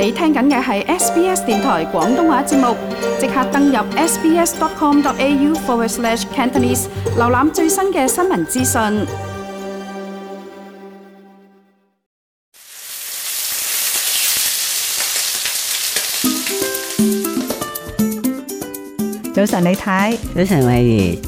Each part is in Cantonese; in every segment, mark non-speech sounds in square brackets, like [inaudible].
你聽緊嘅係 SBS 電台廣東話節目，即刻登入 sbs.com.au/cantonese，瀏覽最新嘅新聞資訊。早晨，李太。早晨，偉兒。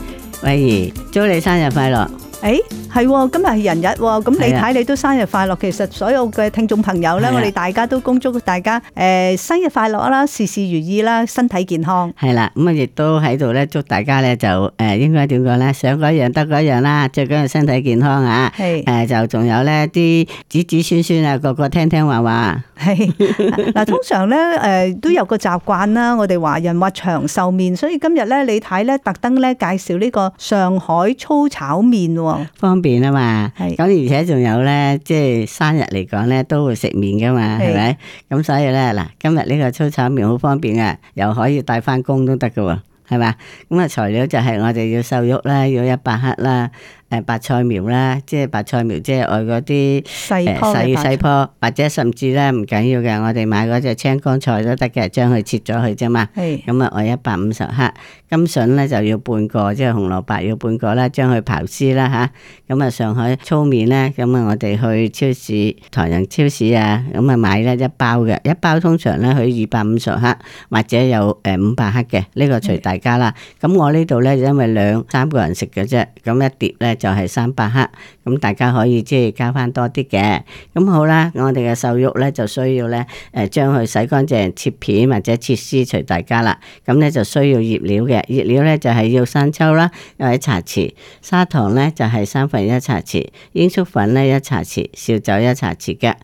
偉兒，祝你生日快樂！哎。係，今日係人日，咁李太你都生日快樂。的其實所有嘅聽眾朋友呢，的我哋大家都恭祝大家誒、呃、生日快樂啦，事事如意啦，身體健康。係啦，咁啊亦都喺度呢。祝大家呢，就誒、呃、應該點講呢？想嗰樣得嗰樣啦，最緊要身體健康啊！係的、呃、就仲有呢啲子子孫孫啊，個個聽聽話話。係嗱，通常呢誒、呃、都有個習慣啦，我哋華人話長壽麵，所以今日呢，你睇呢，特登呢介紹呢個上海粗炒麵喎。 [laughs] 便啊嘛，咁是而且仲有咧，即係生日嚟講咧，都會食麵噶嘛，係咪是？咁所以咧，嗱，今日呢個粗炒麵好方便啊，又可以帶翻工都得噶，係嘛？咁啊，材料就係我哋要瘦肉啦，要一百克啦。誒白菜苗啦，即係白菜苗，即係愛嗰啲細樖細樖，或者甚至咧唔緊要嘅，我哋買嗰隻青江菜都得嘅，將佢切咗佢啫嘛。係。咁啊，愛一百五十克甘筍咧就要半個，即係紅蘿蔔要半個啦，將佢刨絲啦嚇。咁啊，上海粗麵咧，咁啊，我哋去超市，唐人超市啊，咁啊買咧一包嘅，一包通常咧佢二百五十克，或者有誒五百克嘅，呢個隨大家啦。咁我呢度咧，因為兩三個人食嘅啫，咁一碟咧。就係三百克，咁大家可以即係加翻多啲嘅，咁好啦。我哋嘅瘦肉呢就需要呢誒將佢洗乾淨、切片或者切絲，隨大家啦。咁呢就需要醃料嘅，醃料呢就係、是、要生抽啦，又係一茶匙砂糖呢就係、是、三分一茶匙，鷹粟粉呢一茶匙，紹酒一茶匙嘅。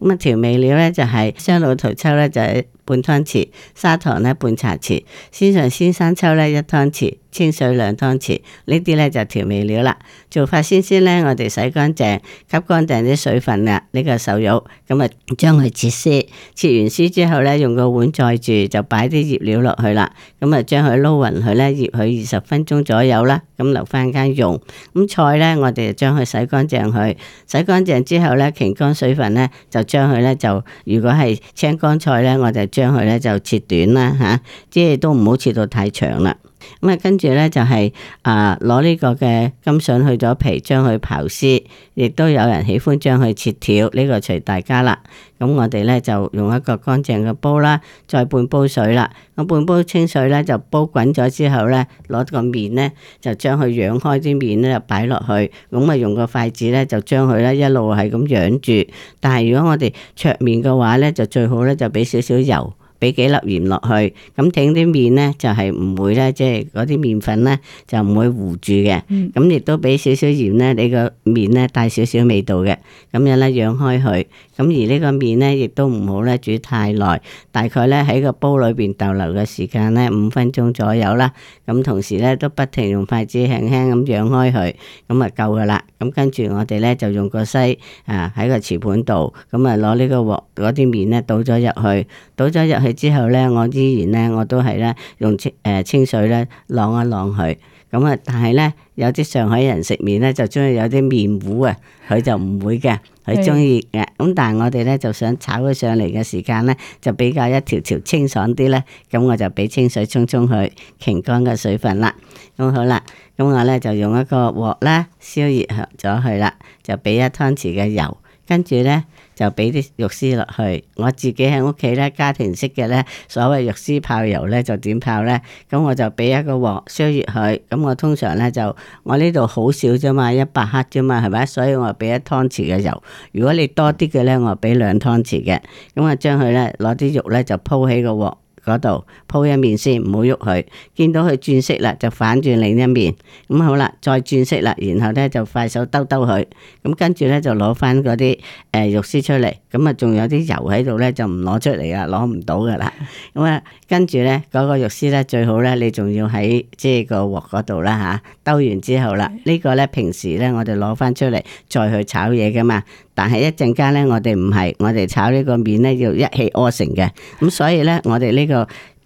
咁啊調味料呢就係雙料頭抽呢就係、是。半湯匙砂糖咧，半茶匙。鮮上鮮生抽咧一湯匙，清水兩湯匙。呢啲咧就調味料啦。做法先先咧，我哋洗乾淨，吸乾淨啲水分啦。呢個瘦肉，咁啊將佢切絲，切完絲之後咧，用個碗載住就擺啲醃料落去啦。咁啊將佢撈匀佢咧，醃佢二十分鐘左右啦。咁留翻間用。咁菜咧，我哋就將佢洗乾淨，佢洗乾淨之後咧，瀝乾水分咧，就將佢咧就如果係青江菜咧，我就。將佢咧就切短啦，吓、啊，即係都唔好切到太長啦。咁啊，跟住呢，就係、是、啊，攞呢個嘅甘笋去咗皮，將佢刨絲，亦都有人喜歡將佢切條，呢、這個隨大家啦。咁我哋呢，就用一個乾淨嘅煲啦，再半煲水啦。咁半煲清水呢，就煲滾咗之後呢，攞個麵呢，就將佢揚開啲麵呢，就擺落去，咁啊用個筷子呢，就將佢呢一路係咁揚住。但係如果我哋灼麵嘅話呢，就最好呢，就俾少少油。俾幾粒鹽落去，咁整啲麵呢，就係唔會呢，即係嗰啲麵粉呢，就唔會糊住嘅。咁亦都俾少少鹽呢，你個麵呢，帶少少味道嘅。咁樣呢，揚開佢。咁而呢個麵呢，亦都唔好呢，煮太耐，大概呢喺個煲裏邊逗留嘅時間呢，五分鐘左右啦。咁同時呢，都不停用筷子輕輕咁揚開佢，咁啊夠噶啦。咁跟住我哋呢，就用個篩啊喺個瓷盤度，咁啊攞呢個鑊嗰啲麵呢，倒咗入去，倒咗入去。之後咧，我依然咧，我都係咧用清誒清水咧晾一晾佢。咁啊，但係咧有啲上海人食麵咧就中意有啲麵糊啊，佢就唔會嘅，佢中意嘅。咁的但係我哋咧就想炒佢上嚟嘅時間咧就比較一條條清爽啲咧，咁我就俾清水沖沖佢，擎乾嘅水分啦。咁好啦，咁我咧就用一個鑊啦，燒熱咗佢啦，就俾一湯匙嘅油。跟住呢，就俾啲肉絲落去，我自己喺屋企呢，家庭式嘅呢，所謂肉絲泡油呢，就點泡呢？咁我就俾一個鑊燒熱佢，咁我通常呢，就我呢度好少咋嘛，一百克咋嘛，係咪？所以我俾一湯匙嘅油，如果你多啲嘅呢，我俾兩湯匙嘅。咁啊，將佢呢，攞啲肉呢，就鋪起個鑊。嗰度鋪一面先，唔好喐佢。見到佢轉色啦，就反轉另一面。咁好啦，再轉色啦，然後咧就快手兜兜佢。咁跟住咧就攞翻嗰啲誒肉絲出嚟。咁啊，仲有啲油喺度咧，就唔攞、呃、出嚟啊，攞唔到噶啦。咁啊，跟住咧嗰個肉絲咧，最好咧你仲要喺即係個鑊嗰度啦吓。兜、啊、完之後啦， [laughs] 個呢個咧平時咧我哋攞翻出嚟再去炒嘢噶嘛。但係一陣間咧，我哋唔係，我哋炒呢個麵咧要一氣呵成嘅，咁所以呢，我哋呢個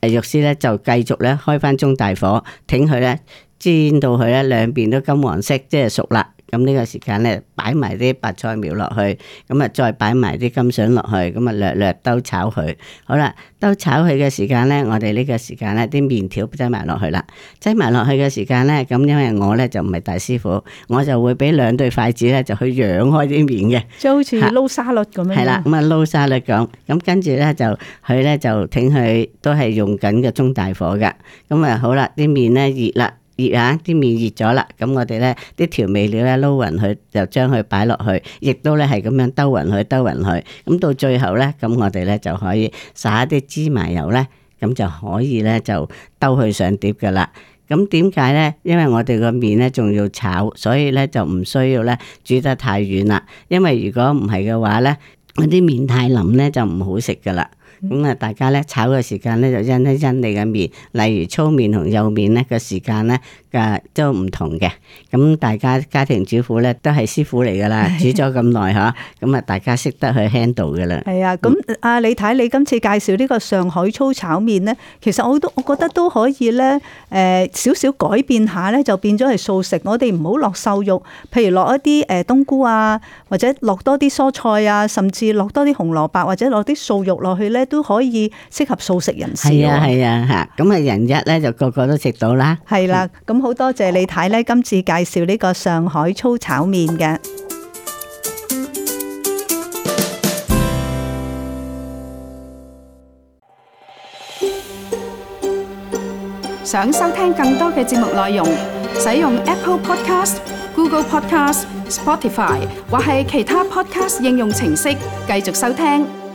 肉絲呢就繼續呢開翻中大火，等佢呢，煎到佢咧兩邊都金黃色，即係熟啦。咁呢個時間咧，擺埋啲白菜苗落去，咁啊再擺埋啲金笋落去，咁啊略略兜炒佢。好啦，兜炒佢嘅時間咧，我哋呢個時間咧，啲麵條擠埋落去啦。擠埋落去嘅時間咧，咁因為我咧就唔係大師傅，我就會俾兩對筷子咧就去揚開啲麵嘅。即係好似撈沙律咁樣。係啦， [laughs] 咁啊撈沙律咁，咁跟住咧就佢咧就聽佢都係用緊嘅中大火嘅。咁啊好啦，啲麵咧熱啦。熱嚇啲麵熱咗啦，咁我哋咧啲調味料咧撈勻佢，就將佢擺落去，亦都咧係咁樣兜勻佢，兜勻佢。咁到最後咧，咁我哋咧就可以撒啲芝麻油咧，咁就可以咧就兜去上碟噶啦。咁點解咧？因為我哋個麵咧仲要炒，所以咧就唔需要咧煮得太軟啦。因為如果唔係嘅話咧，嗰啲麵太腍咧就唔好食噶啦。咁啊，嗯、大家咧炒嘅時間咧就因一因你嘅麵，例如粗麵同幼麵咧個時間咧，誒都唔同嘅。咁大家家庭主婦咧都係師傅嚟噶啦，嗯、煮咗咁耐嚇，咁啊、嗯、大家識得去 handle 嘅啦。係、嗯、啊，咁阿李睇你今次介紹呢個上海粗炒麵咧，其實我都我覺得都可以咧，誒少少改變下咧，就變咗係素食。我哋唔好落瘦肉，譬如落一啲誒冬菇啊，或者落多啲蔬菜啊，甚至落多啲紅蘿蔔或者落啲素肉落去咧。都可以適合素食人士。係啊，係啊，吓咁啊，人一咧就個個都食到啦。係啦，咁好多謝李太咧今次介紹呢個上海粗炒麵嘅。想收聽更多嘅節目內容，使用 Apple Podcast、Google Podcast、Spotify 或係其他 Podcast 應用程式繼續收聽。